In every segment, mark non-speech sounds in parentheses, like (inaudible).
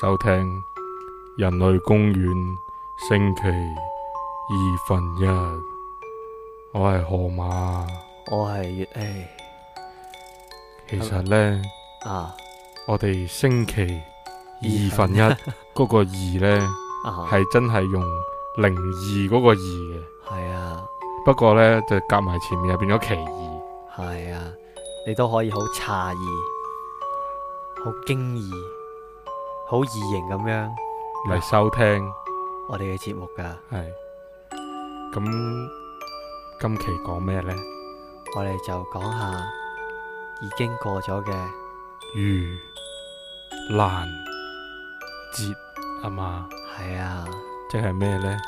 收聽人類公園星期二分一，我係河馬，我係月唉，其實呢，啊，我哋星期二分一嗰個二呢，係、 (laughs) 啊、哈真係用零二嗰個二嘅，係啊，不過呢，就夾埋前面又變咗奇異，係啊，你都可以好詫異，好驚異。好異形咁樣嚟收聽我哋嘅節目噶，係咁今期講咩呢？我哋就講下已經過咗嘅盂蘭節啊嘛，係啊，即係咩呢？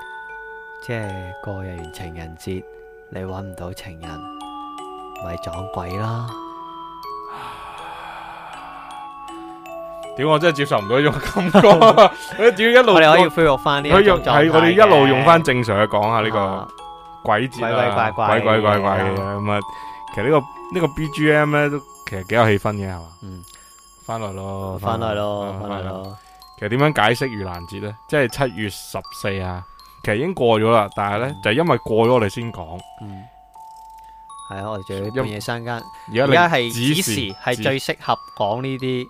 即係過完情人節，你搵唔到情人，咪撞鬼啦！屌，哎，我真係接受唔到呢種感覺。只 (laughs) 要一路我哋 (laughs) 可以恢復翻呢啲狀態，係我哋一路用翻正常嘅，講下呢個鬼節啊，鬼，啊，鬼怪怪嘅咁啊，啊其、這個這個。其實呢個呢個 BGM 咧都其實幾有氣氛嘅係嘛？嗯，翻來咯，翻來咯，翻來咯。其實點樣解釋盂蘭節咧？即係七月十四啊，其實已經過咗啦。但係咧，嗯，就因為過咗我哋先講。嗯。係，嗯，啊，我哋仲要半夜三更。而家係子時係最適合講呢啲。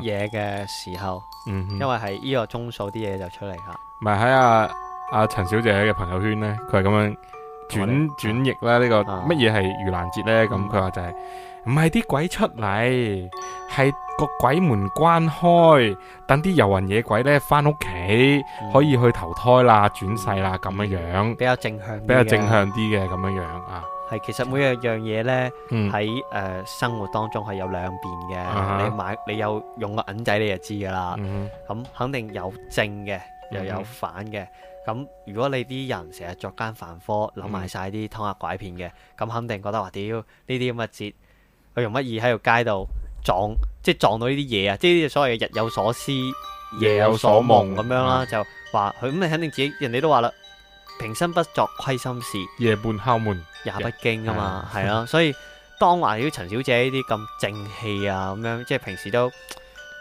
嘢嘅時候，嗯，因為係呢個鐘數啲嘢，就出嚟啦。咪喺阿阿陳小姐嘅朋友圈咧，佢係咁樣轉轉譯啦，呢個乜嘢係盂蘭節咧？咁佢話就係唔係啲鬼出嚟，係個鬼門關開，等啲遊魂野鬼咧翻屋企可以去投胎啦，轉世啦咁樣樣。比較正向，比較正向啲嘅咁樣樣啊。係，其實每一樣嘢咧喺誒生活當中係有兩邊嘅。啊、哈你買你有用個銀仔，你就知㗎啦。咁、嗯、哼肯定有正嘅，又有反嘅。咁、嗯、哼如果你啲人成日作奸犯科，諗埋晒啲偷呃拐騙嘅，咁、嗯、肯定覺得話屌呢啲咁嘅節，佢容乜易喺條街度撞，即係撞到呢啲嘢啊！即係所謂嘅日有所思，夜有所夢咁、嗯、樣啦，就話佢咁，你肯定自己人哋都話啦。平生不作虧心事，夜半敲門也不驚啊嘛，係啊，啊 (laughs) 所以當話啲陳小姐呢啲咁正氣啊，咁樣即係平時都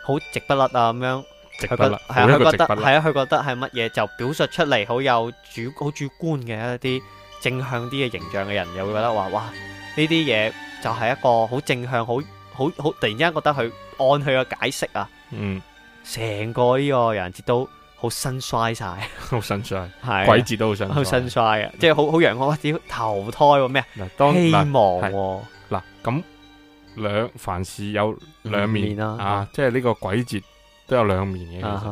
好直不甩啊，咁樣直不甩，係啊，佢覺得係啊，佢覺得係乜嘢就表述出嚟好有主好主觀嘅一啲正向啲嘅形象嘅人，又會覺得話哇呢啲嘢就係一個好正向，好好好，突然之間覺得佢按佢嘅解釋啊，嗯，成個呢個人至到。好辛衰曬， (laughs) 的好辛衰，鬼節都好辛衰嘅，即係好好陽光。只要投胎咩啊？希望嗱咁兩凡事有兩面，面啊，啊即係呢個鬼節都有兩面嘅，其實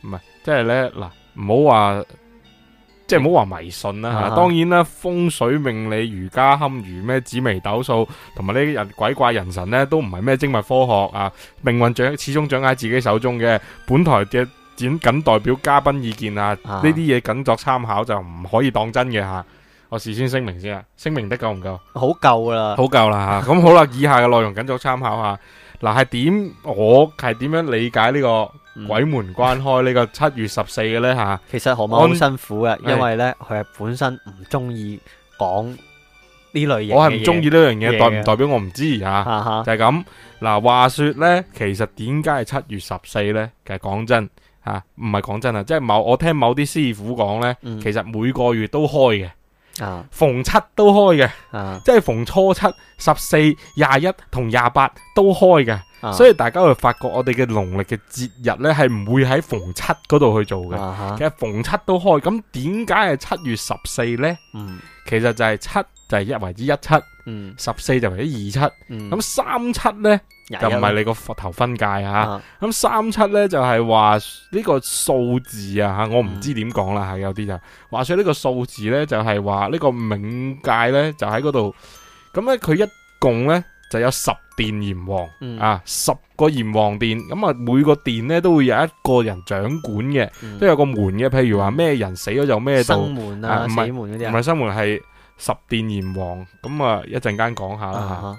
唔係即係咧嗱，唔好話即係唔好話迷信啦、啊、吓。Uh、huh, 當然啦，風水命理、儒家堪如咩紫微斗數，同埋呢啲人鬼怪人神咧，都唔係咩精密科學啊。命運掌始終掌握喺自己手中嘅。本台嘅，僅僅代表嘉賓意見啊，呢啲嘢僅作參考就唔可以當真嘅，吓、啊。我事先聲明先啊，聲明得夠唔夠？好夠啦，好夠啦吓。咁好啦，以下嘅內容僅作參考下。嗱係點？我係點樣理解呢個鬼門關開呢個七月十四嘅咧吓？其實好辛苦嘅，因為咧佢係本身唔中意講呢類嘢。我係唔中意呢樣嘢，代唔代表我唔知啊？就係咁嗱。話說咧，其實點解係七月十四咧？其實講真。吓，唔係講真啊，真即係某我聽某啲師傅講呢，嗯、其實每個月都開嘅，啊、逢七都開嘅，啊、即係逢初七、十四、廿一同廿八都開嘅，啊、所以大家會發覺我哋嘅農曆嘅節日呢，係唔會喺逢七嗰度去做嘅，啊、哈其實逢七都開，咁點解係七月十四呢？嗯、其實就係七就係一為之一七，嗯、十四就為二七，咁、嗯嗯、三七呢？就唔係你個頭分界吓，咁三七咧就係話呢個數字啊吓，我唔知點講啦吓，嗯、有啲就話、是、說呢個數字咧就係話呢個冥界咧就喺嗰度，咁咧佢一共咧就有十殿閻王啊，十個閻王殿，咁啊每個殿咧都會有一個人掌管嘅，都、嗯、有個門嘅，譬如話咩、嗯、人死咗就咩生門啊，唔、啊、死門嗰啲、啊，唔係生門係十殿閻王，咁啊一陣間講下啦吓。啊啊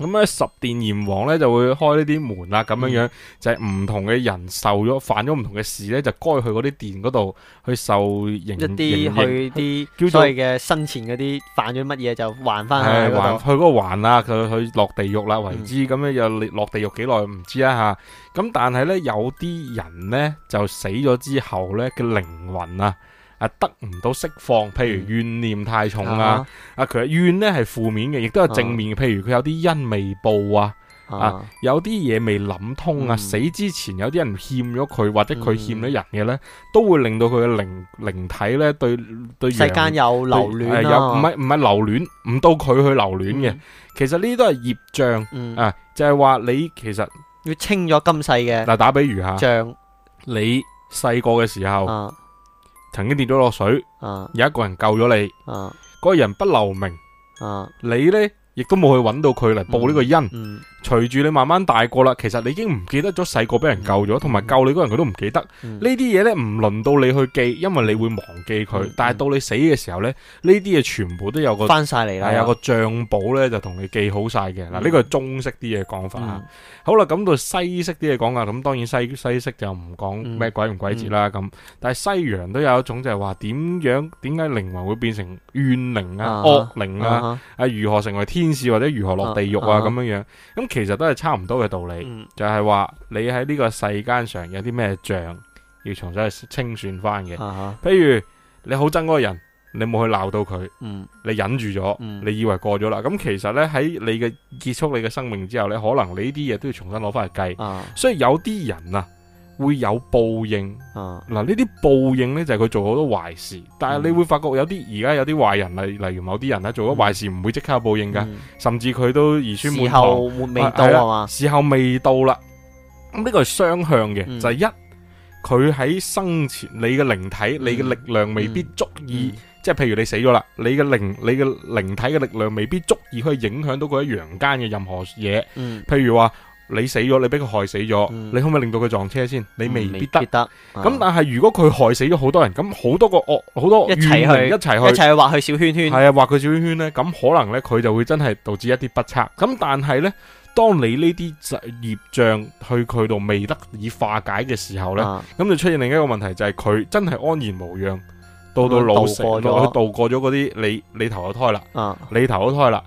咁咧十殿閻王咧就會開呢啲門啦，咁樣樣、嗯、就係唔同嘅人受咗犯咗唔同嘅事咧，就該去嗰啲殿嗰度去受刑，一啲去啲叫做佢嘅生前嗰啲犯咗乜嘢就還翻去，去，去。係還去嗰個還啦，佢去落地獄啦為之，咁、嗯、樣又落地獄幾耐唔知啦吓、啊。咁、啊、但係咧有啲人咧就死咗之後咧嘅靈魂啊。啊，得唔到釋放，譬如怨念太重啊！啊，佢怨呢係負面嘅，亦都係正面嘅。譬如佢有啲恩未報啊，啊，有啲嘢未諗通啊，死之前有啲人欠咗佢，或者佢欠咗人嘅呢，都會令到佢嘅靈靈體呢對對世間有留戀啊，唔係唔係留戀，唔到佢去留戀嘅。其實呢啲都係業障啊，就係話你其實要清咗今世嘅嗱，打比如下，你細個嘅時候。曾經跌咗落水，啊，有一個人救咗你，啊，嗰人不留名，啊，你呢亦都冇去揾到佢嚟報呢、嗯、個恩。嗯隨住你慢慢大個啦，其實你已經唔記得咗細個俾人救咗，同埋救你嗰人佢都唔記得呢啲嘢呢，唔輪到你去記，因為你會忘記佢。但係到你死嘅時候呢，呢啲嘢全部都有個翻晒嚟啦，有個賬簿呢，就同你記好晒嘅。嗱，呢個係中式啲嘢講法。好啦，咁到西式啲嘢講啊，咁當然西西式就唔講咩鬼唔鬼節啦咁，但係西洋都有一種就係話點樣點解靈魂會變成怨靈啊惡靈啊，啊如何成為天使或者如何落地獄啊咁樣樣咁。其實都係差唔多嘅道理，嗯、就係話你喺呢個世間上有啲咩像要重新清算翻嘅。啊、哈 譬如你好憎嗰個人，你冇去鬧到佢，嗯、你忍住咗，嗯、你以為過咗啦。咁、嗯、其實呢，喺你嘅結束你嘅生命之後咧，你可能你呢啲嘢都要重新攞翻去計。啊、哈 所以有啲人啊。會有報應啊！嗱，呢啲報應呢，就係佢做好多壞事，但係你會發覺有啲而家有啲壞人，例例如某啲人咧做咗壞事唔會即刻有報應㗎，嗯、甚至佢都兒孫滿堂，未到係嘛？時候未到啦，咁呢個係雙向嘅，就係一佢喺生前你嘅靈體，你嘅力量未必足以，嗯嗯嗯、即係譬如你死咗啦，你嘅靈你嘅靈體嘅力量未必足以去影響到佢喺陽間嘅任何嘢，嗯、譬如話。你死咗，你俾佢害死咗，嗯、你可唔可以令到佢撞車先？你未必得。咁、嗯、但係如果佢害死咗好多人，咁好、啊、多個惡，好多怨靈一齊去一齊去畫佢小圈圈，係啊，畫佢小圈圈咧，咁可能咧佢就會真係導致一啲不測。咁但係咧，當你呢啲業障去佢度未得以化解嘅時候咧，咁、啊、就出現另一個問題就係、是、佢真係安然無恙，到到老死咯，去度過咗嗰啲你你投咗胎啦，你投咗胎啦。啊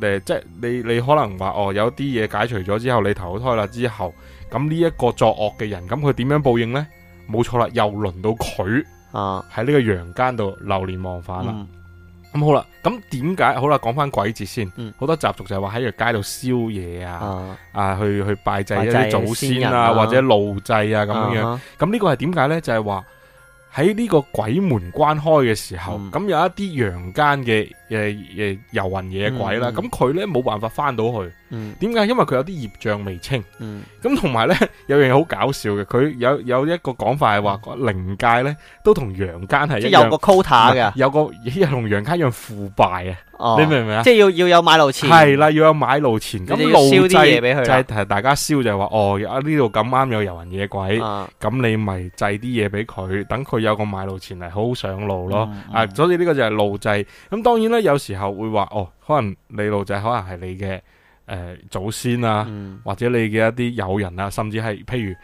誒，即係你你可能話哦，有啲嘢解除咗之後，你投胎啦之後，咁呢一個作惡嘅人，咁佢點樣報應呢？冇錯啦，又輪到佢啊喺呢個陽間度流連忘返啦。咁好啦，咁點解？好啦，講翻鬼節先，好、嗯、多習俗就係話喺個街度宵夜啊啊,啊，去去拜祭祖先啊，或者路、啊、祭啊咁樣。咁呢、啊、個係點解呢？就係話。喺呢個鬼門關開嘅時候，咁、嗯、有一啲陽間嘅嘅嘅遊魂野鬼啦，咁佢咧冇辦法返到去。點解？因為佢有啲業障未清。咁同埋呢，有樣嘢好搞笑嘅，佢有有一個講法係話，靈界呢都同陽間係一樣，即係有個 quota 嘅，有個同陽間一樣腐敗啊！你明唔明啊？即係要要有買路錢係啦，要有買路錢，咁路祭就係燒啲嘢俾佢，大家燒就係話哦，呢度咁啱有遊魂野鬼，咁你咪祭啲嘢俾佢，等佢有個買路錢嚟好好上路咯。啊，所以呢個就係路祭。咁當然啦，有時候會話哦，可能你路祭可能係你嘅。誒、呃，祖先啊，嗯、或者你嘅一啲友人啊，甚至係譬如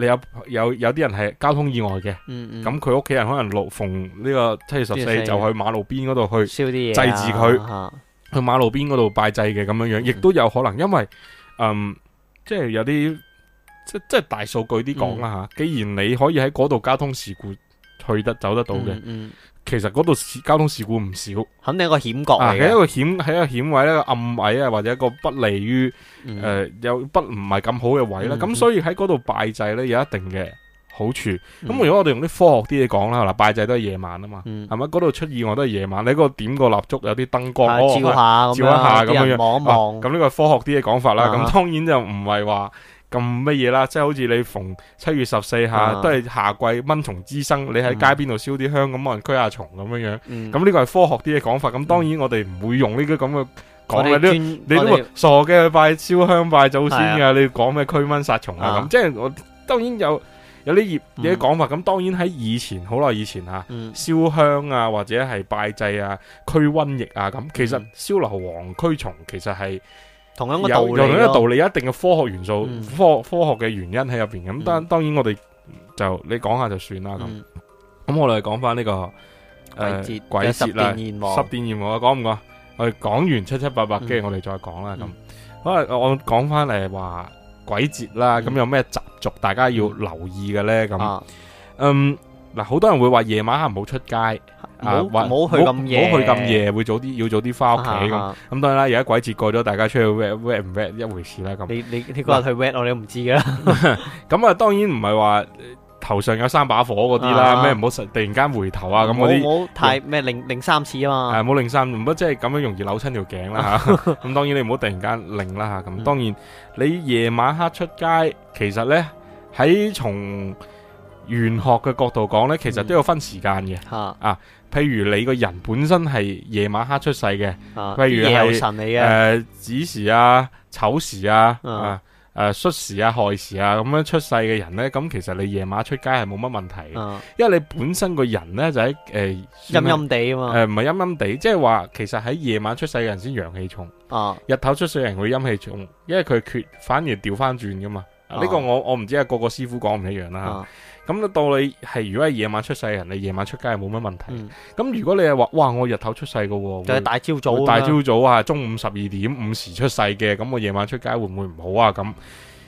你有有有啲人係交通意外嘅，咁佢屋企人可能六逢呢個七月十四就去馬路邊嗰度去燒啲嘢，祭住佢，啊、去馬路邊嗰度拜祭嘅咁樣樣，亦、嗯、都有可能，因為嗯，即係有啲即即係大數據啲講啦吓，嗯、既然你可以喺嗰度交通事故去得走得到嘅。嗯嗯嗯其實嗰度交通事故唔少，肯定一個險角嚟嘅。係一個險，係一個險位咧、暗位啊，或者一個不利於誒有不唔係咁好嘅位啦。咁所以喺嗰度拜祭咧有一定嘅好處。咁如果我哋用啲科學啲嘢講啦，嗱拜祭都係夜晚啊嘛，係咪？嗰度出意外都係夜晚。你嗰個點個蠟燭有啲燈光，照下，照一下咁樣樣，望一望。咁呢個科學啲嘅講法啦。咁當然就唔係話。咁乜嘢啦？即係好似你逢七月十四下、啊，uh huh. 都係夏季蚊蟲滋生，你喺街邊度燒啲香咁，可能驅下蟲咁樣樣。咁呢、uh huh. 個係科學啲嘅講法。咁當然我哋唔會用呢啲咁嘅講法。你都傻嘅拜，燒香拜祖先嘅。你講咩驅蚊殺蟲啊？咁即係我當然有有啲業嘅講法。咁、uh huh. 當然喺以前好耐以前吓、啊，燒、uh huh. 香啊或者係拜祭啊驅瘟疫啊咁。其實燒硫磺驅蟲其實係。同樣一個道理，一定嘅科學元素，科科學嘅原因喺入邊。咁當當然，我哋就你講下就算啦。咁，咁我哋講翻呢個鬼節，鬼節啦，十殿閻羅，十殿閻羅，講唔講？我哋講完七七八八，跟住我哋再講啦。咁，可能我講翻嚟話鬼節啦，咁有咩習俗，大家要留意嘅咧？咁，嗯，嗱，好多人會話夜晚唔好出街。唔好唔好去咁夜，唔好去咁夜，會早啲要早啲翻屋企咁。咁當然啦，而家鬼節過咗，大家出去 wet wet 唔 wet 一回事啦。咁你你你嗰日去 wet 我哋唔知噶。咁啊，當然唔係話頭上有三把火嗰啲啦，咩唔好突然間回頭啊咁嗰啲，唔好太咩零零三次啊嘛。係冇零三，唔好即係咁樣容易扭親條頸啦吓。咁當然你唔好突然間零啦吓。咁當然你夜晚黑出街，其實咧喺從玄學嘅角度講咧，其實都要分時間嘅。啊啊！譬如你個人本身係夜晚黑出世嘅，譬如係誒子時啊、丑時啊、啊誒戌時啊、亥時啊咁樣出世嘅人咧，咁其實你夜晚出街係冇乜問題，因為你本身個人咧就喺誒陰陰地啊嘛，誒唔係陰陰地，即係話其實喺夜晚出世嘅人先陽氣重，啊日頭出世人會陰氣重，因為佢缺反而調翻轉㗎嘛，呢個我我唔知啊，個個師傅講唔一樣啦。咁咧，到你係如果係夜晚出世嘅人，你夜晚出街係冇乜問題。咁、嗯、如果你係話，哇，我日頭出世噶，就係大朝早，大早，大朝早啊，中午十二點五時出世嘅，咁我夜晚出街會唔會唔好啊？咁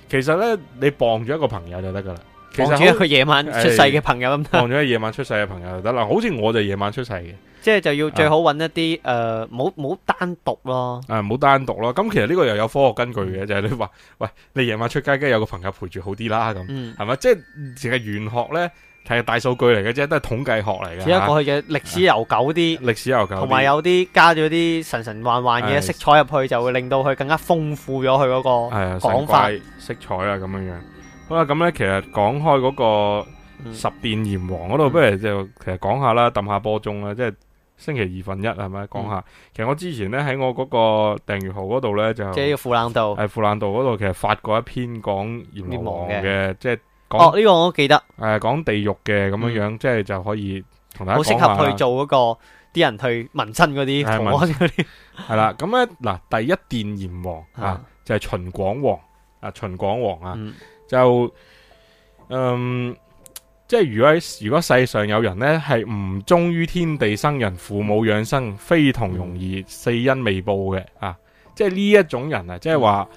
其實呢，你傍住一個朋友就得噶啦。傍住一個夜晚出世嘅朋友，得，傍住一夜晚出世嘅朋友就得啦。 (laughs) 好似我就夜晚出世嘅。即係就要最好揾一啲誒，冇冇、啊呃、單獨咯，誒冇、啊、單獨咯。咁其實呢個又有科學根據嘅，就係、是、你話喂，你夜晚出街梗係有個朋友陪住好啲啦，咁係咪？即係其實玄學咧係大數據嚟嘅啫，都係統計學嚟嘅。而家過去嘅歷史悠久啲，歷、啊、史悠久，同埋有啲加咗啲神神幻幻嘅色彩入去，哎、就會令到佢更加豐富咗佢嗰個講法、哎、色彩啊，咁樣樣。好啦，咁咧其實講開嗰個十變閻王嗰度，嗯、不如就其實講下啦，揼下波鐘啦，即係。星期二分一係咪？講下，嗯、其實我之前咧喺我嗰個訂閱號嗰度咧就即係要富冷道，係富冷道嗰度，其實發過一篇講閻王嘅，王即係哦呢、這個我記得，誒講、哎、地獄嘅咁樣樣，嗯、即係就可以同大家好適合去做嗰、那個啲人去紋親嗰啲係紋啲係啦。咁咧嗱，第一殿閻王啊、就是、王、啊王啊，嗯、就係秦廣王啊，秦廣王啊，就嗯。即係如果如果世上有人呢，係唔忠於天地生人父母養生非同容易四恩未報嘅啊，即係呢一種人啊，嗯、即係話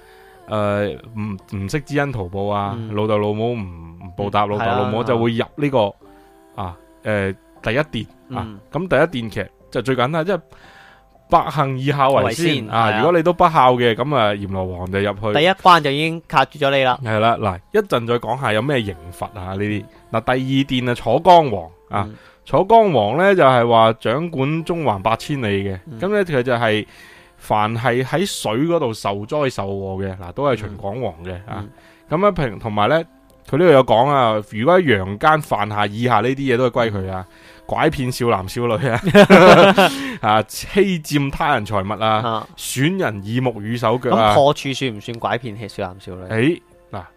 誒唔唔識知恩圖報啊，嗯、老豆老母唔報答老豆老母，嗯啊、就會入呢、這個啊誒、呃、第一殿啊，咁、嗯嗯、第一殿其實就最簡單，即、就、為、是百行以孝為先啊！如果你都不孝嘅，咁啊閻羅王就入去。第一關就已經卡住咗你啦。係啦，嗱，一陣再講下有咩刑罰啊？呢啲嗱，第二殿啊，嗯、楚江王啊，楚江王呢就係、是、話掌管中環八千里嘅，咁咧佢就係凡係喺水嗰度受災受禍嘅，嗱都係秦廣王嘅啊。咁、嗯、啊平同埋呢，佢呢度有講啊，如果喺陽間犯下以下呢啲嘢，都係歸佢啊。拐騙少男少女啊， (laughs) 啊欺占他人財物啊，損人耳目與手腳啊，破處算唔算拐騙係少男少女？誒、啊，嗱、啊，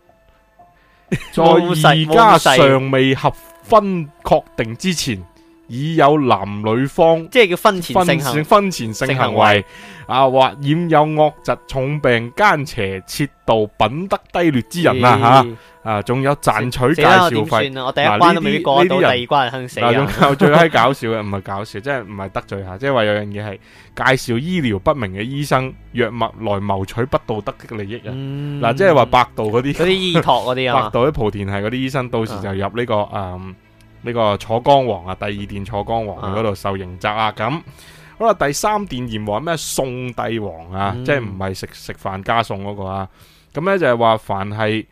在而家尚未合婚確定之前，已有男女方，即係叫婚前性婚前性行為啊，或染有惡疾、重病、奸邪、竊盜、品德低劣之人啊，吓、啊。啊，仲有賺取介紹費，我第一關都未過到，第二關就肯死。仲有最閪搞笑嘅，唔係搞笑，即係唔係得罪下，即係話有樣嘢係介紹醫療不明嘅醫生藥物來謀取不道德嘅利益啊！嗱，即係話百度嗰啲，啲醫托啲啊，百度喺莆田係嗰啲醫生，到時就入呢個誒呢個楚江王啊，第二殿楚江王嗰度受刑責啊，咁好啦，第三殿閻王咩宋帝王啊，即係唔係食食飯加餸嗰個啊？咁咧就係話凡係。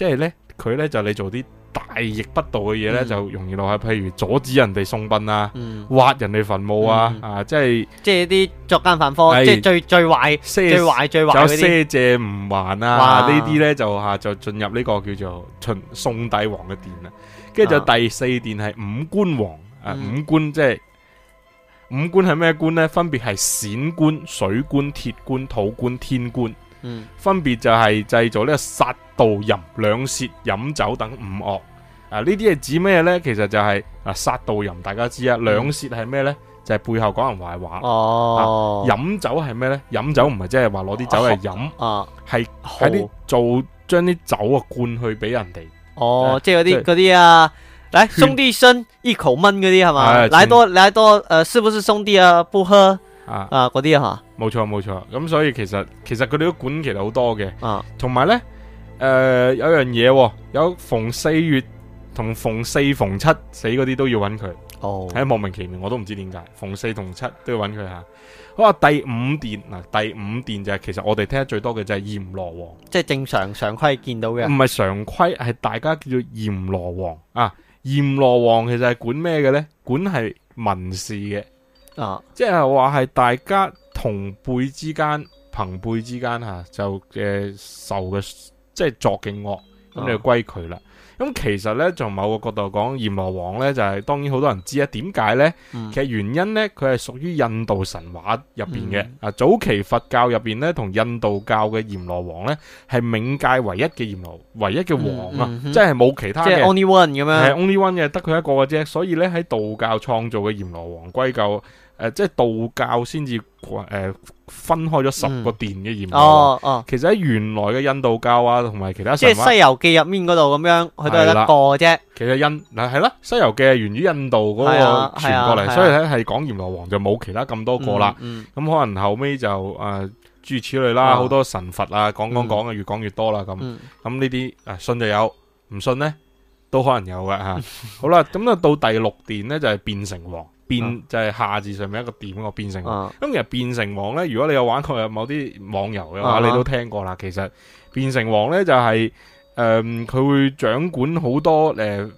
即係咧，佢咧就是、你做啲大逆不道嘅嘢咧，嗯、就容易落去，譬如阻止人哋送殯啊，嗯、挖人哋墳墓啊，嗯、啊，即係即係啲作奸犯科，是即係最最壞、最壞、最壞嗰啲。有賒借唔還啊，哇 呢啲咧就吓就進入呢個叫做秦宋帝王嘅殿啦。跟住就第四殿係五官王啊，嗯、五官即係五官係咩官咧？分別係閃官、水官、鐵官、土官、天官。天官嗯、分別就係製造呢個殺盜淫兩舌飲酒等五惡啊！呢啲係指咩呢？其實就係、是、啊殺盜淫，大家知啊。兩舌係咩呢？就係、是、背後講人壞話哦。飲酒係咩呢？飲酒唔係即係話攞啲酒嚟飲啊，係喺啲做將啲酒啊灌去俾人哋。哦，即係嗰啲嗰啲啊，嚟兄弟生一口悶嗰啲係嘛？嚟多嚟多，誒、呃，是不是兄弟啊？不喝。啊！嗰啲吓，冇錯冇錯，咁、嗯、所以其實其實佢哋都管其實好多嘅，啊，同埋咧，誒、呃，有樣嘢、哦，有逢四月同逢四逢七死嗰啲都要揾佢，哦，係莫名其妙，我都唔知點解，逢四同七都要揾佢吓。好啊，第五殿嗱、就是，第五殿就係其實我哋聽得最多嘅就係閻羅王，即係正常常規見到嘅，唔係、啊、常規係大家叫做閻羅王啊，閻羅王其實係管咩嘅呢？管係民事嘅。啊！即係話係大家同輩之間、朋輩之間吓，就誒、呃、受嘅即係作嘅惡，咁、啊、你就歸佢啦。咁其實咧，從某個角度講，閻羅王咧就係、是、當然好多人知啊。點解咧？嗯、其實原因咧，佢係屬於印度神話入邊嘅啊。早期佛教入邊咧，同印度教嘅閻羅王咧，係冥界唯一嘅閻羅，唯一嘅王啊，嗯嗯、即係冇其他嘅。即係 only one 咁啦。係 only one 嘅，得佢一個嘅啫。所以咧，喺道教創造嘅閻羅王，歸咎誒、呃，即係道教先至誒。呃呃分開咗十個殿嘅閻羅王哦哦，哦其實喺原來嘅印度教啊，同埋其他神，即係《西遊記》入面嗰度咁樣，佢都係一個啫。其實印嗱係啦，《西遊記》係源於印度嗰個傳過嚟，所以咧係講閻羅王就冇其他咁多個啦。咁、嗯嗯、可能後尾就誒諸、呃、如此類啦，好、嗯、多神佛啊，講講講嘅越講越多啦咁。咁呢啲誒信就有，唔信咧都可能有嘅吓。好啦，咁啊到第六殿咧就係、是、變成王。卞就係、是、下字上面一個點一個卞城王。咁、啊、其實卞城王咧，如果你有玩過有某啲網遊嘅話，你都聽過啦。啊、其實卞城王咧就係、是、誒，佢、呃、會掌管好多誒、呃，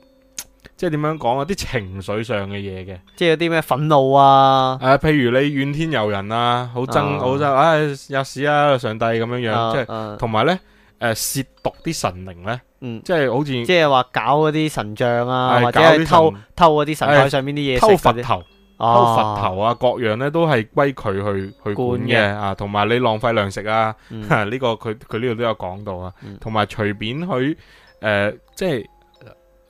即係點樣講啊？啲情緒上嘅嘢嘅，即係有啲咩憤怒啊，誒、啊，譬如你怨天尤人啊，好憎，好就唉，有事啊，上帝咁樣樣，啊、即係同埋咧。啊誒，褻瀆啲神靈咧，嗯、即係好似，即係話搞嗰啲神像啊，對或者偷偷嗰啲神台上面啲嘢，偷佛頭，啊、偷佛頭啊，各樣咧都係歸佢去去管嘅的啊，同埋你浪費糧食啊，呢個佢佢呢度都有講到啊，同埋隨便去誒、呃，即係。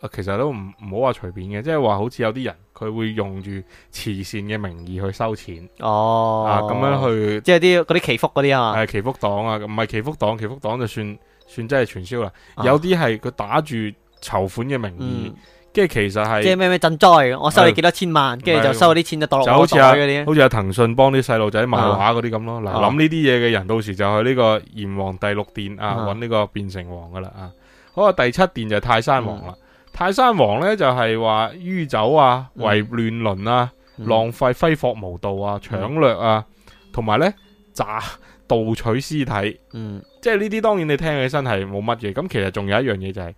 其實都唔唔好話隨便嘅，即係話好似有啲人佢會用住慈善嘅名義去收錢哦，啊咁樣去，即係啲啲祈福嗰啲啊，係祈福黨啊，唔係祈福黨，祈福黨就算算真係傳銷啦。有啲係佢打住籌款嘅名義，即係其實係即係咩咩賑災，我收你幾多千萬，跟住就收咗啲錢就墮落魔術嗰啲，好似阿騰訊幫啲細路仔賣畫嗰啲咁咯。嗱，諗呢啲嘢嘅人到時就去呢個閻王第六殿啊揾呢個變成王噶啦啊，好啊，第七殿就係泰山王啦。泰山王咧就係話酗酒啊、為亂倫啊、浪費揮霍無度啊、搶掠啊，同埋咧詐盜取屍體，嗯，即係呢啲當然你聽起身係冇乜嘢，咁其實仲有一樣嘢就係，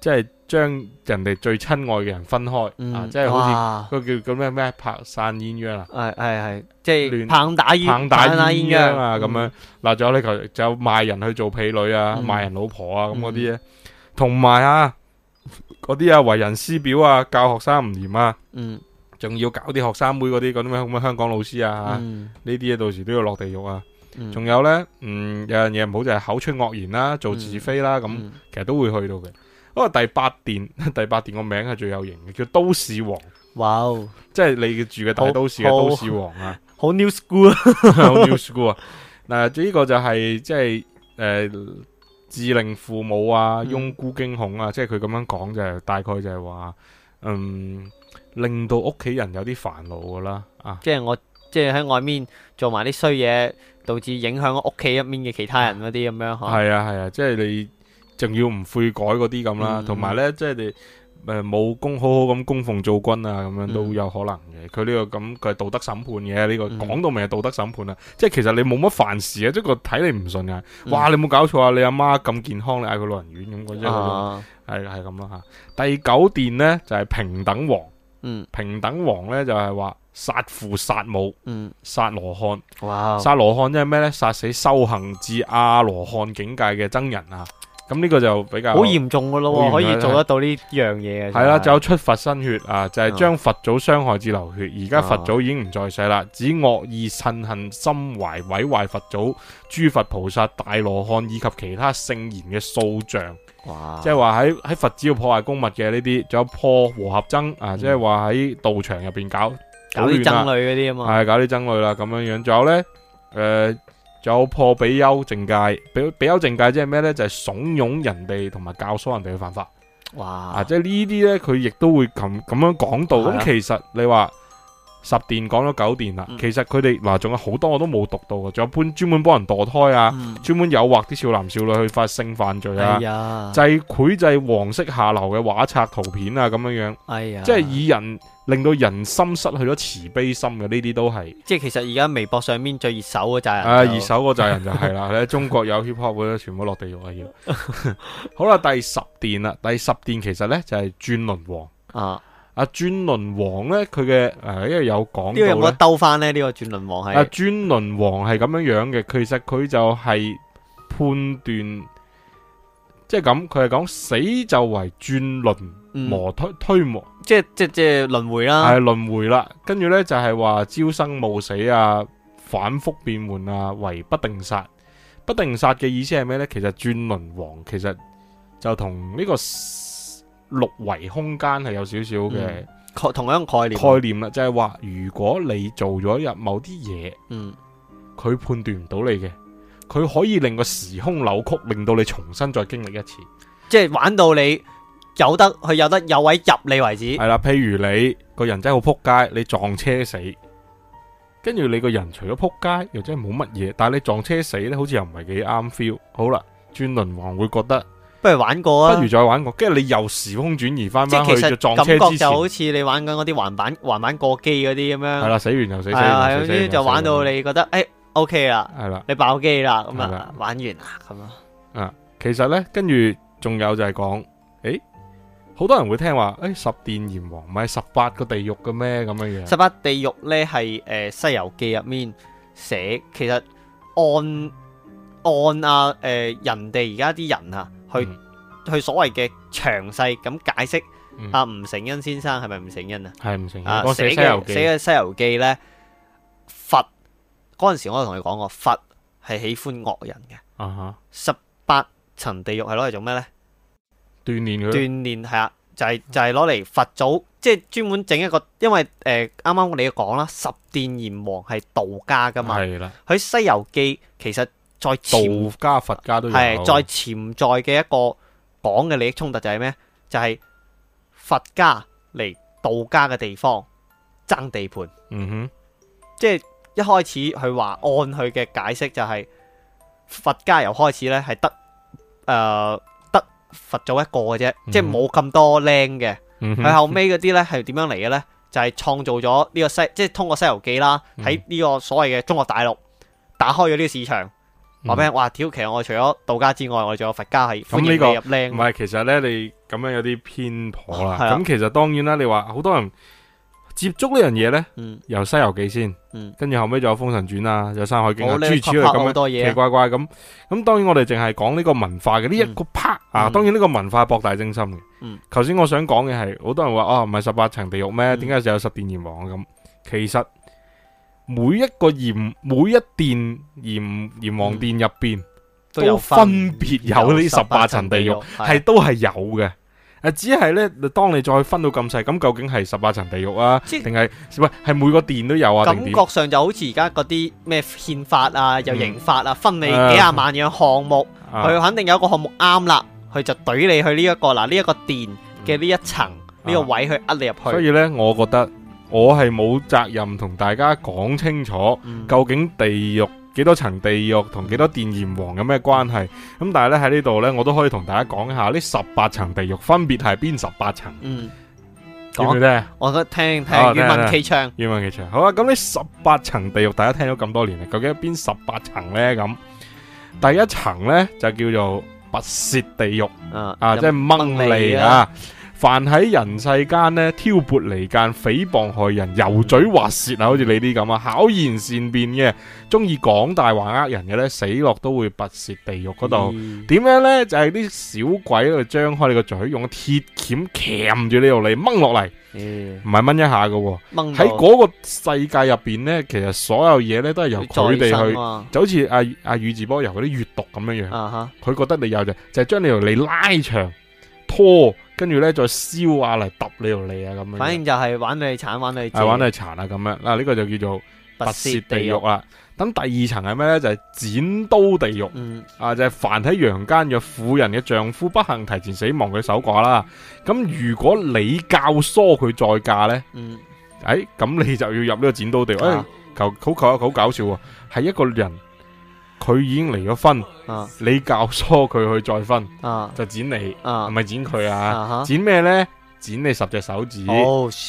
即係將人哋最親愛嘅人分開啊，即係好似個叫個咩咩拍散鴛鴦啊，係係係，即係亂棒打鴛鴦啊咁樣，嗱仲有咧就就賣人去做婢女啊、賣人老婆啊咁嗰啲嘢，同埋啊。嗰啲啊，為人師表啊，教學生唔嚴啊，嗯，仲要搞啲學生妹嗰啲咁樣咁嘅香港老師啊，呢啲啊、嗯、到時都要落地獄啊。仲、嗯、有呢，嗯，有樣嘢唔好就係口出惡言啦、啊，做是非啦，咁、嗯嗯、其實都會去到嘅。不過第八殿，第八殿個名係最有型嘅，叫都市王。哇即係你住嘅大都市嘅都市王啊，好，好 new school，好 new school 啊。嗱， (laughs) 呢個就係即係誒。自令父母啊、翁姑驚恐啊，即係佢咁樣講就係、是、大概就係話，嗯，令到屋企人有啲煩惱㗎啦，啊，即係我即係喺外面做埋啲衰嘢，導致影響屋企入面嘅其他人嗰啲咁樣，係啊係啊,啊,啊，即係你仲要唔悔改嗰啲咁啦，同埋、嗯、呢，即係你。誒，冇、呃、功好好咁供奉做君啊，咁樣都有可能嘅。佢呢、嗯這個咁，佢係道德審判嘅呢、這個講到明係道德審判啊。嗯、即係其實你冇乜犯事啊，即、這、係個睇你唔順眼。嗯、哇，你冇搞錯啊，你阿媽咁健康，你嗌佢老人院咁嗰種，係係咁啦吓。第九殿呢，就係、是、平等王，嗯，平等王呢，就係話殺父殺母，嗯、殺羅漢，哇、哦，殺羅漢即係咩呢？殺死修行至阿羅漢境界嘅僧人啊！咁呢個就比較好嚴重噶咯、啊，啊、可以做得到呢樣嘢啊！係啦，仲、啊、有出佛身血啊！就係、是、將佛祖傷害至流血，而家佛祖已經唔在世啦，只惡、哦、意嗔恨心懷毀壞佛祖、諸佛菩薩、大羅漢以及其他聖賢嘅塑像。即係話喺喺佛寺要破壞公物嘅呢啲，仲有破和合僧啊！即係話喺道場入邊搞搞啲僧侶嗰啲啊嘛，係搞啲僧侶啦。咁樣樣仲有呢？誒。呃呃仲有破比丘淨戒，比，比丘淨戒即係咩咧？就係、是、慫恿人哋同埋教唆人哋嘅犯法。哇！啊、即係呢啲咧，佢亦都會咁咁樣講到。咁、嗯、其實你話。十殿講咗九殿啦，其實佢哋嗱仲有好多我都冇讀到嘅，仲有專專門幫人墮胎啊，專、嗯、門誘惑啲少男少女去發性犯罪啊，就係繪製黃色下流嘅畫冊圖片啊，咁樣樣，哎、呀即係以人令到人心失去咗慈悲心嘅呢啲都係，即係其實而家微博上面最熱搜嘅就係，誒，熱搜個人就係啦，喺、啊、 (laughs) 中國有 hip hop 嘅全部落地獄啊要， (laughs) 好啦，第十殿啦，第十殿其實呢就係轉輪王啊。阿轉輪王咧，佢嘅誒，因、呃、為有講到咧，有得兜翻咧？呢、這個轉輪王係？阿轉輪王係咁樣樣嘅，其實佢就係判斷，即係咁，佢係講死就為轉輪磨推、嗯、推磨，即係即係即係輪回啦，係輪回啦。跟住咧就係、是、話朝生暮死啊，反覆變換啊，為不定殺，不定殺嘅意思係咩咧？其實轉輪王其實就同呢、這個。六維空間係有少少嘅，同一樣概念概念啦，就係話如果你做咗入某啲嘢，嗯，佢判斷唔到你嘅，佢可以令個時空扭曲，令到你重新再經歷一次，即係玩到你有得佢有得有得有位入你為止。係啦，譬如你個人真係好撲街，你撞車死，跟住你個人除咗撲街又真係冇乜嘢，但係你撞車死呢，好似又唔係幾啱 feel。好啦，轉輪王會覺得。不如玩過啊！不如再玩過，跟住你又時空轉移翻咩去，就撞車之前，感覺就好似你玩緊嗰啲橫板橫板過機嗰啲咁樣。係啦，死完又死，死死就玩到你覺得誒，OK 啦，係啦，你爆機啦，咁啊，玩完啦，咁啊。啊，其實咧，跟住仲有就係講，誒，好多人會聽話，誒，十殿閻王唔係十八個地獄嘅咩？咁嘅樣，十八地獄咧係誒《西遊記》入面寫，其實按按啊，誒，人哋而家啲人啊。去去所謂嘅詳細咁解釋、嗯、啊吳承恩先生係咪吳承恩啊？係吳承恩、啊、我寫嘅《西遊記》咧，佛嗰陣時我同你講過，佛係喜歡惡人嘅。十八層地獄係攞嚟做咩咧？鍛煉佢。鍛煉係啊，就係、是、就係攞嚟佛祖，即係專門整一個，因為誒啱啱你講啦，十殿閻王係道家噶嘛。係啦的。佢的《西遊記》其實。再道家、佛家都有，係在潛在嘅一個講嘅利益衝突就係咩？就係、是、佛家嚟道家嘅地方爭地盤。嗯哼，即係一開始佢話按佢嘅解釋就係佛家由開始咧係得誒、呃、得佛祖一個嘅啫，嗯、哼即係冇咁多靚嘅。佢、嗯、哼後尾嗰啲咧係點樣嚟嘅咧？就係、是、創造咗呢個西，即係通過《西遊記》啦，喺呢、嗯、哼個所謂嘅中國大陸打開咗呢個市場。話咩？話屌，其實我除咗道家之外，我仲有佛家係咁呢個。唔係，其實咧，你咁樣有啲偏頗啦。咁其實當然啦，你話好多人接觸呢樣嘢咧，由《西遊記》先，跟住後尾仲有《封神傳》啊，有《山海經》啊，諸如此類咁樣奇奇怪怪咁。咁當然我哋淨係講呢個文化嘅呢一個 part 啊。當然呢個文化博大精深嘅。嗯，頭先我想講嘅係，好多人話哦，唔係十八層地獄咩？點解就有十殿閻王咁？其實。每一個閻每一殿閻閻王殿入邊都分別有呢十八層地獄，係的都係有嘅。誒，只係咧，當你再分到咁細，咁究竟係十八層地獄啊，定係唔係？喂係每個殿都有啊？感覺上就好似而家嗰啲咩憲法啊，又刑法啊，嗯、分你幾廿萬樣項目，佢、啊、肯定有一個項目啱啦，佢就懟你去呢、這個這個、一個嗱，呢一個殿嘅呢一層呢個位去呃你入去。所以咧，我覺得。我係冇責任同大家講清楚，究竟地獄幾多層地獄同幾多電閻王有咩關係？咁但係咧喺呢度呢，我都可以同大家講一下呢十八層地獄分別係邊十八層。嗯，要唔要聽？得聽聽、啊、文啟好啦，咁呢十八層地獄大家聽咗咁多年啦，究竟邊十八層呢？咁第一層呢，就叫做拔舌地獄。嗯、啊，任 即係掹嚟啊！啊凡喺人世間咧，挑撥離間、誹謗害人、油嘴滑舌啊，好似、嗯、你啲咁啊，巧言善辯嘅，中意講大話呃人嘅咧，死落都會拔舌地獄嗰度。點樣咧？就係、是、啲小鬼去張開你個嘴，用鐵鉗鉗住你條脷掹落嚟，唔係掹一下嘅喎。喺嗰到個世界入邊咧，其實所有嘢咧都係由佢哋去，就好似阿阿宇智波鼬嗰啲月讀咁樣樣。佢、啊、哈覺得你有就是、就將、是、你條脷拉長拖。拖跟住咧再燒啊嚟,揼你條脷啊咁樣，反正就係玩你殘，玩你，係玩你殘啊咁樣。嗱、啊、呢、這個就叫做拔舌地獄啦。咁、嗯、第二層係咩呢？就係、是、剪刀地獄。嗯、啊就係、是、凡喺陽間若婦人嘅丈夫不幸提前死亡，佢守寡啦。咁如果你教唆佢再嫁呢，嗯，誒、欸，咁你就要入呢個剪刀地獄、嗯啊。求，好，求，好，求好搞笑啊！係一個人，佢已經離咗婚。你教唆佢去再分，就剪你，唔係剪佢啊？剪咩呢？剪你十隻手指，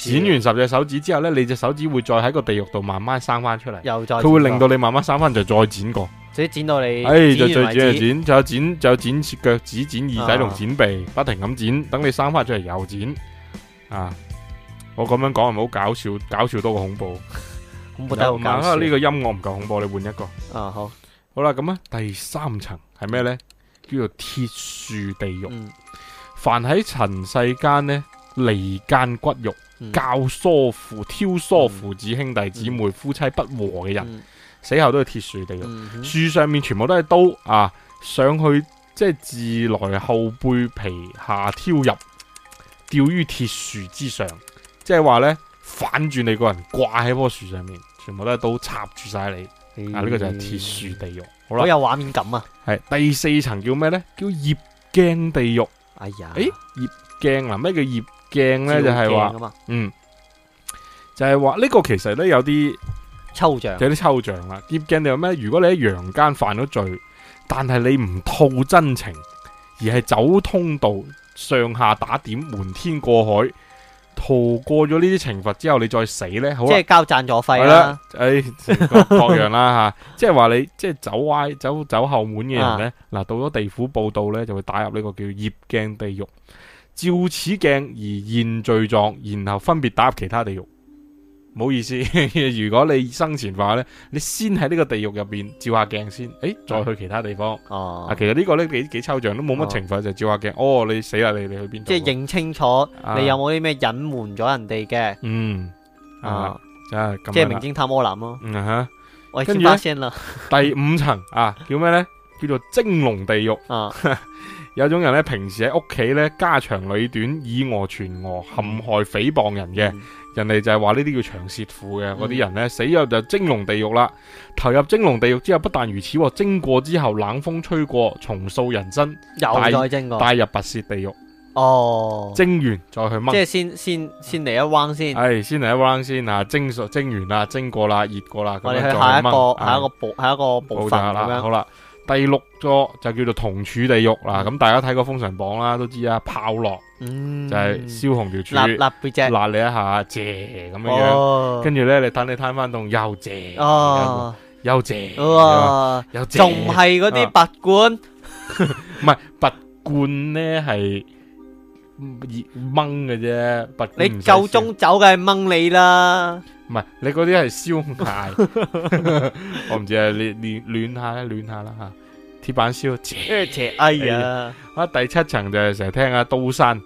剪完十隻手指之後呢，你隻手指會再喺個地獄度慢慢生翻出嚟。佢會令到你慢慢生翻就再剪過，所以剪到你。哎，再再剪，剪，再剪，再剪切腳趾，剪耳仔同剪鼻，不停咁剪，等你生翻出嚟又剪。啊，我咁樣講係咪好搞笑？搞笑多過恐怖。有啊，呢個音樂唔夠恐怖，你換一個。啊，好。好啦，咁啊，第三層係咩呢？叫做鐵樹地獄。嗯、凡喺塵世間呢，離間骨肉、嗯、教疏父挑疏父子兄弟姊妹、嗯、夫妻不和嘅人，嗯、死後都係鐵樹地獄。樹、嗯、上面全部都係刀啊，上去即係、就是、自來後背皮下挑入，吊於鐵樹之上，即係話呢，反轉你個人掛喺棵樹上面，全部都係刀插住晒你。嗯、啊！呢、這個就係鐵樹地獄，好啦，好有畫面感啊。係第四層叫咩呢？叫孽鏡地獄。哎呀，誒、欸，孽鏡啊？咩叫孽鏡呢？就係話，嗯，就係話呢個其實呢，有啲抽象，有啲抽象啦、啊。孽鏡就係咩？如果你喺陽間犯咗罪，但係你唔吐真情，而係走通道上下打點，瞞天過海。逃過咗呢啲懲罰之後，你再死咧，好、啊、即係交贊助費啦。誒、哎，各樣啦、啊、吓， (laughs) 即係話你即係走歪走走後門嘅人咧，嗱、啊，到咗地府報到咧，就會打入呢個叫孽鏡地獄，照此鏡而現罪狀，然後分別打入其他地獄。冇意思，如果你生前話咧，你先喺呢個地獄入邊照下鏡先，誒、欸，再去其他地方。哦、啊，啊，其實個呢個咧幾幾抽象，都冇乜懲罰，啊、就照下鏡。哦，你死啦，你你去邊？即係認清楚，你有冇啲咩隱瞞咗人哋嘅？嗯，啊，即係明偵探柯南咯。啊哈，我先啦。第五層啊，叫咩咧？叫做蒸籠地獄。啊， (laughs) 有種人咧，平時喺屋企咧，家長里短，以訛傳訛，陷害誹謗人嘅。嗯人哋就係話呢啲叫長舌婦嘅嗰啲人呢，死咗就蒸籠地獄啦。投入蒸籠地獄之後，不但如此，哦，蒸過之後冷風吹過，重塑人生。又再蒸過，帶入拔舌地獄。哦，蒸完再去掹，即係先先先嚟一 round 先，係先嚟一 round 先、哎，先，一先啊！蒸熟蒸完啦，蒸過啦，熱過啦，我哋去下一個下一個步，嗯，下一個步伐咁樣。好第六座就叫做同處地獄啦，咁大家睇過封神榜啦，都知啊，炮落、嗯、就係燒紅條柱，辣辣背脊，辣你一下，借咁樣樣，跟住咧你等你探翻棟又借，哦，你嘆你嘆又借，哦，又借謝，仲係嗰啲拔罐，唔係 (laughs) 拔罐咧係。熱掹嘅啫，不過你夠鐘走嘅係掹你啦，唔係你嗰啲係燒鞋，我唔知啊，你你亂下啦，亂下啦吓，鐵板燒，邪，哎呀，我第七層就係成日聽下刀山、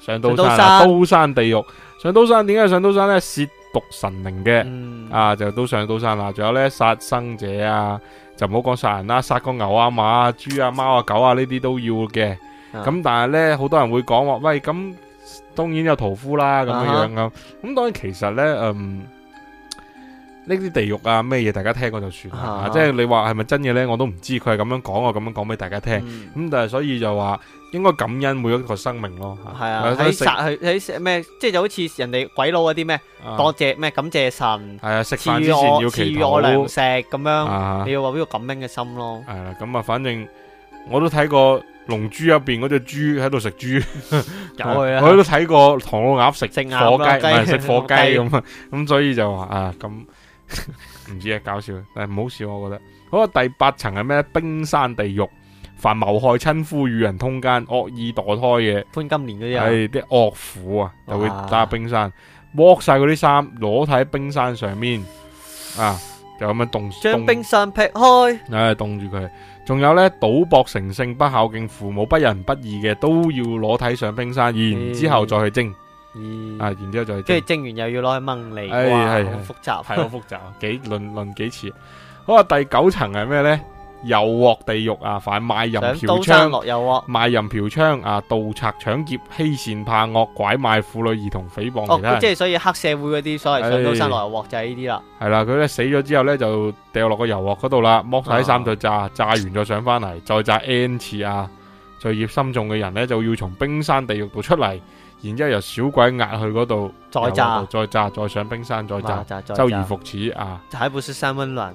上刀山，刀山地獄上刀山，點解上刀山咧？褻瀆神靈嘅，啊就都上刀山啦，仲有咧殺生者啊，就唔好講殺人啦，殺個牛啊、馬啊、豬啊、貓啊、狗啊呢啲都要嘅。咁但係咧，好多人會講話，喂，咁當然有屠夫啦，咁樣樣咁。咁當然其實咧，嗯，呢啲地獄啊，咩嘢，大家聽過就算啦。即係你話係咪真嘅咧，我都唔知。佢係咁樣講啊，咁樣講俾大家聽。咁但係所以就話，應該感恩每一個生命咯。係啊，喺殺佢喺咩，即係就好似人哋鬼佬嗰啲咩，多謝咩，感謝神。係啊，食飯之前要祈求，賜予我糧食咁樣，你要話俾個感恩嘅心咯。係啦，咁啊，反正我都睇過。龍珠入邊嗰隻豬喺度食豬，我我都睇過唐老鴨食火雞，唔係食火雞咁啊，咁所以就話啊咁唔 (laughs) 知啊搞笑，但係唔好笑我覺得。嗰個第八層係咩？冰山地獄，凡謀害親夫、與人通姦、惡意墮胎嘅，潘金蓮啲係啲惡婦啊，就會打冰山，剝晒嗰啲衫，裸體喺冰山上面啊，就咁樣凍將冰山劈開，係凍住佢。仲有咧，賭博成性、不孝敬父母、不仁不義嘅，都要裸體上冰山，然之後再去蒸，啊，然之後再去蒸，即係蒸完又要攞去掹脷，係係，好複雜，係好複雜，幾輪輪幾次，好啊，第九層係咩咧？油鑊地獄啊！反賣淫嫖娼，上刀山落油鑊，賣淫嫖娼啊，盜賊搶劫，劫欺善怕惡拐賣婦女兒童誹謗，哦嗯，即係所以黑社會嗰啲所謂上刀山落油鑊就係呢啲啦。係啦，佢咧死咗之後咧就掉落個油鑊嗰度啦，剝晒衫就炸，啊、炸完再上翻嚟，再炸 n 次啊！罪孽深重嘅人咧就要從冰山地獄度出嚟，然之後由小鬼壓去嗰度，再炸、啊，再炸，再上冰山再、啊，再炸，周而復始啊！還不是三温暖？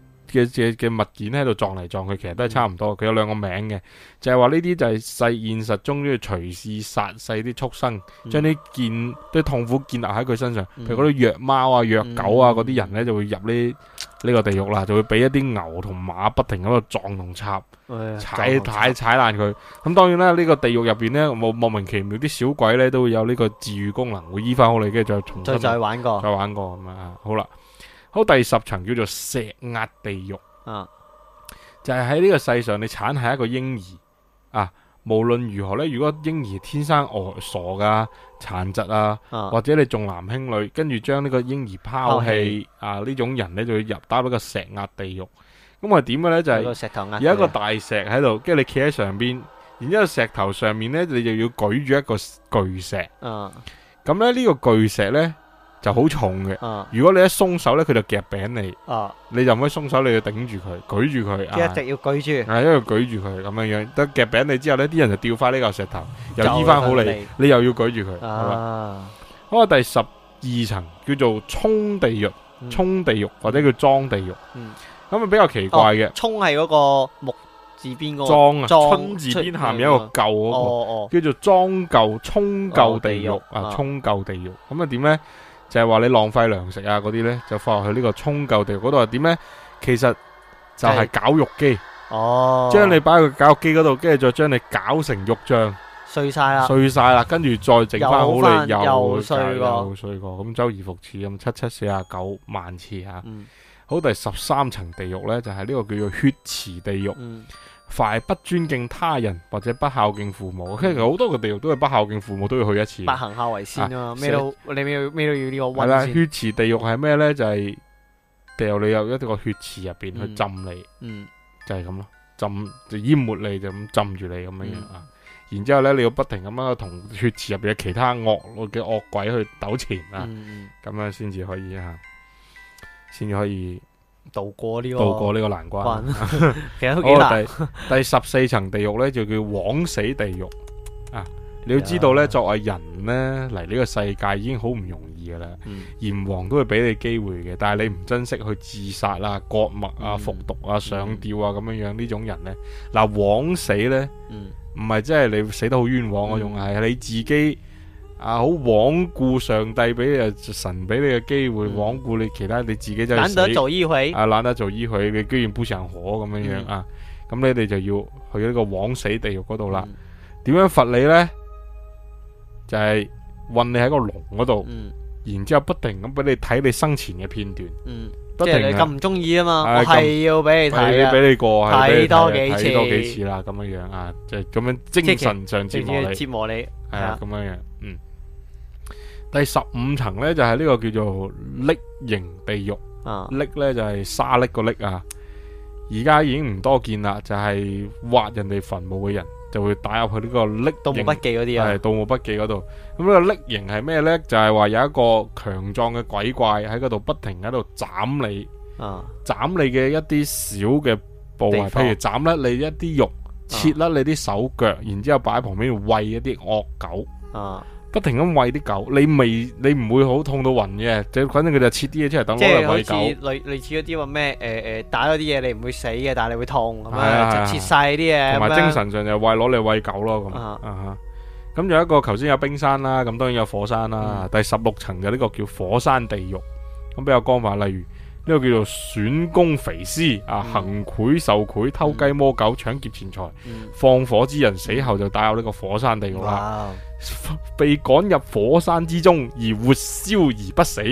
嘅嘅物件喺度撞嚟撞去，其實都係差唔多。佢有兩個名嘅，就係話呢啲就係細現實中都要隨時殺細啲畜生，將啲劍、啲痛苦建立喺佢身上。譬如嗰啲虐貓啊、虐狗啊嗰啲人咧，就會入呢呢個地獄啦，就會俾一啲牛同馬不停喺度撞同插踩踩踩爛佢。咁當然啦，呢個地獄入邊咧，莫莫名其妙啲小鬼咧都會有呢個治癒功能，會醫翻好你，跟住再重新再玩過，再玩過咁啊！好啦。好第十層叫做石壓地獄，啊，就係喺呢個世上你產下一個嬰兒，啊，無論如何咧，如果嬰兒天生呆、呃、傻噶、啊、殘疾啊，啊或者你重男輕女，跟住將呢個嬰兒拋棄，Okay. 啊，呢種人呢就要入打到個石壓地獄。咁啊點嘅呢？就係有一個大石喺度，跟住你企喺上邊，然之後石頭上面呢，你就要舉住一個巨石，啊，咁咧呢個巨石呢。就好重嘅，如果你一鬆手咧，佢就夾餅你。啊，你就唔可以鬆手，你就頂住佢，舉住佢。即一直要舉住。係，因為舉住佢咁樣樣，得夾餅你之後呢，啲人就掉翻呢個石頭，又醫翻好你，你又要舉住佢。啊，咁第十二層叫做冲地獄，冲地獄或者叫裝地獄。咁啊，比較奇怪嘅，冲係嗰個木字邊個，裝啊，春字邊下面一個舊嗰個，叫做裝舊冲舊地獄啊，冲舊地獄。咁啊，點呢？就係話你浪費糧食啊嗰啲呢，就放落去呢個舂臼地嗰度係點呢？其實就係絞、就是、肉機哦，將你擺去絞肉機嗰度，跟住再將你絞成肉醬，碎晒，啦碎晒啦，嗯、跟住再整翻好嚟又，分又碎過，咁周而復始咁七七四十九萬次吓、啊。嗯、好，第十三層地獄呢，就係、是、呢個叫做血池地獄、嗯。嗯快不尊敬他人或者不孝敬父母，其實好多嘅地獄都係不孝敬父母都要去一次，百行孝為先啊！咩、啊、都了你咩都要呢個溫先。係啦，血池地獄係咩咧？就係、是、掉你入一個血池入邊去浸你，嗯、就係咁咯，浸就淹沒你就咁浸住你咁樣樣、嗯、啊。然之後咧，你要不停咁樣同血池入邊嘅其他惡嘅惡鬼去糾纏啊，咁、嗯、樣先至可以吓，先至可以。啊渡過呢個渡過難關 (laughs) 其實都幾難，哦，第。第十四層地獄呢就叫枉死地獄啊！你要知道呢，作為人呢，嚟呢個世界已經好唔容易噶啦。閻、嗯、王都會俾你機會嘅，但係你唔珍惜去自殺啦、割脈啊、服毒啊、上吊啊咁樣樣呢種人呢。嗱、啊、枉死呢，唔係真係你死得好冤枉嗰種啊，嗯、你自己。啊！好枉顧上帝俾你啊，神俾你嘅機會，枉顧你其他你自己就係難得做一回啊！難得做一回，你居然不上火咁樣樣啊！咁你哋就要去呢個枉死地獄嗰度啦。點樣罰你咧？就係運你喺個籠嗰度，然之後不停咁俾你睇你生前嘅片段。嗯，即係你咁唔中意啊嘛，我係要俾你睇啊，俾你過，睇多幾次，睇多幾次啦，咁樣樣啊，即係咁樣精神上折磨你，折磨你係啊，咁樣樣嗯。第十五層呢，就係呢個叫做礫刑地獄，啊，礫呢就係沙礫個礫啊，而家已經唔多見啦，就係挖人哋墳墓嘅人就會打入去呢個礫。《盜墓筆記》嗰啲啊，係《盜墓筆記》嗰度。咁呢個礫刑係咩呢？就係話有一個強壯嘅鬼怪喺嗰度不停喺度斬你，啊，斬你嘅一啲小嘅部位，譬如斬甩你一啲肉，切甩你啲手腳，啊，然之後擺喺旁邊餵一啲惡狗，啊。不停咁餵啲狗，你未你唔會好痛到暈嘅，就反正佢哋切啲嘢出嚟等攞嚟餵狗。即係類似類類似嗰啲話咩誒誒打咗啲嘢你唔會死嘅，但係你會痛咁樣，就切細啲嘢。同埋精神上就餵攞嚟餵狗咯，咁啊啊，咁仲有一個頭先有冰山啦，咁當然有火山啦，第十六層嘅呢個叫火山地獄，咁比較光滑，例如。呢個叫做損公肥私，啊，嗯、行賄受賄、偷雞摸狗、搶、嗯、劫錢財、放火之人，死後就帶入呢個火山地獄啦，哇被趕入火山之中而活燒而不死。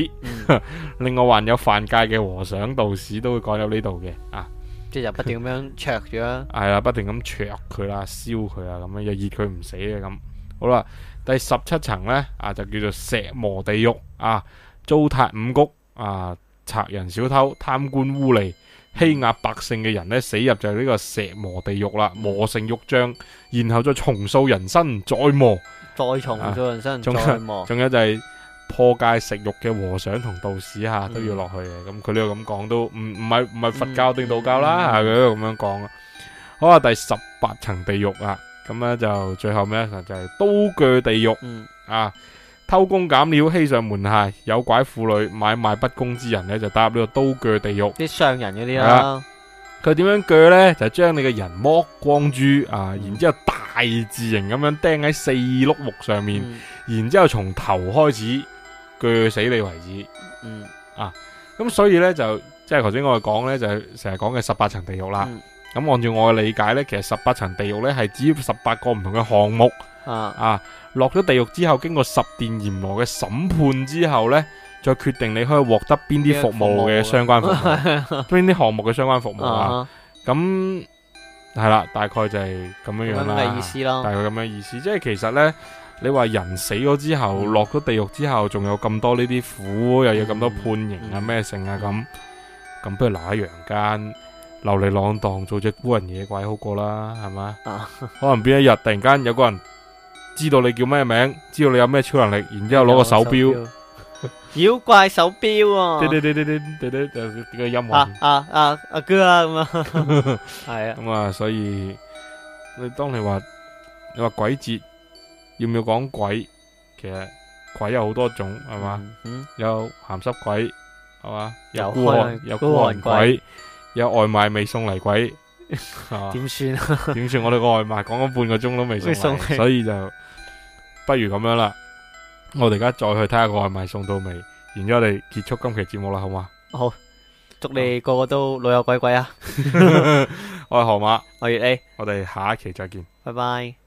嗯、 (laughs) 另外還有犯戒嘅和尚道士都會趕入呢度嘅啊，即係就不斷咁樣灼咗，啦，係啊，不斷咁灼佢啦，燒佢啦，咁樣又熱佢唔死嘅咁。好啦，第十七層呢，啊，就叫做石磨地獄啊，糟蹋五穀啊。賊人、小偷、貪官污吏、欺壓百姓嘅人呢，死入就係呢個石磨地獄啦，磨成肉漿，然後再重塑人身，再磨，再重塑人身，啊、有再磨，仲有就係破戒食肉嘅和尚同道士吓、啊，都要落去嘅。咁佢呢個咁講都唔唔係唔係佛教定道教啦吓，佢咁、嗯、樣講。好啊，第十八層地獄、嗯、啊，咁呢就最後咩就係刀鋸地獄啊。偷工減料、欺上瞞下、有拐婦女、買賣不公之人呢，就打入呢個刀鋸地獄。啲商人嗰啲啦，佢點樣鋸呢？就將、是、你嘅人剝光豬、嗯、啊，然之後大字形咁樣釘喺四碌木上面，嗯、然之後從頭開始鋸死你為止。嗯，啊，咁所以呢，就即係頭先我哋講咧就成日講嘅十八層地獄啦。咁、嗯嗯、按照我嘅理解呢，其實十八層地獄咧係指十八個唔同嘅項目。啊！啊落咗地獄之後，經過十殿閻羅嘅審判之後呢，再決定你可以獲得邊啲服務嘅相關服務，邊啲項目嘅相關服務、uh huh. 啊。咁係啦，大概就係咁樣樣啦。咁嘅意思咯，大概咁嘅意思。即係其實呢，你話人死咗之後，嗯、落咗地獄之後，仲有咁多呢啲苦，又有咁多判刑啊，咩剩、嗯、啊，咁咁、嗯、不如留喺陽間，流離浪蕩做隻孤魂野鬼好過啦，係嘛？Uh, (laughs) 可能邊一日突然間有個人。知道你叫咩名，知道你有咩超能力，然之後攞個手表，手錶 (laughs) 妖怪手表啊！就點、呃呃呃呃呃、音樂啊啊啊啊哥咁啊，係啊，咁啊，所以你當你話你話鬼節，要唔要講鬼？其實鬼有好多種，係嘛？嗯嗯有鹹濕鬼，係嘛？有孤寒，有孤寒、啊、鬼，嗯、 (laughs) 有外賣未送嚟鬼，點麼算？點 (laughs) 算？我哋個外賣講咗半個鐘都未送，送所以就。不如咁樣啦，我哋而家再去睇下個外賣送到未，然之後我哋結束今期節目啦，好嘛？好，祝你個個都老友鬼鬼啊！我係河馬，我係月 A，我哋下一期再見，拜拜。